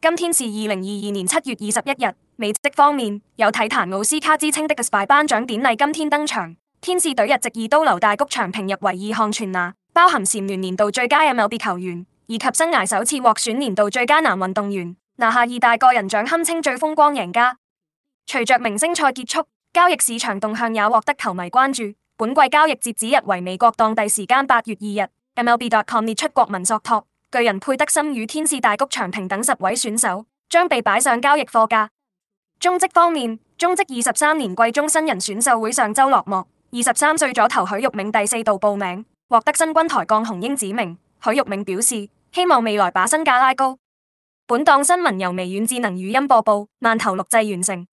今天是二零二二年七月二十一日。美職方面，有體壇奧斯卡之稱的 ESPY 頒獎典禮今天登場。天使隊日籍二刀流大谷翔平日為二項全拿，包含蟬聯年度最佳 MLB 球員，以及生涯首次獲選年度最佳男運動員，拿下二大個人獎，堪稱最風光贏家。隨着明星賽結束，交易市場動向也獲得球迷關注。本季交易截止日為美國當地時間八月二日。MLB.com 列出國民索托。巨人佩德森與天使大谷長平等十位選手將被擺上交易貨架。中職方面，中職二十三年季中新人選秀會上周落幕，二十三歲左投許玉明第四度報名，獲得新軍台鋼紅鷹指名。許玉明表示，希望未來把身價拉高。本檔新聞由微軟智能語音播報，慢投錄製完成。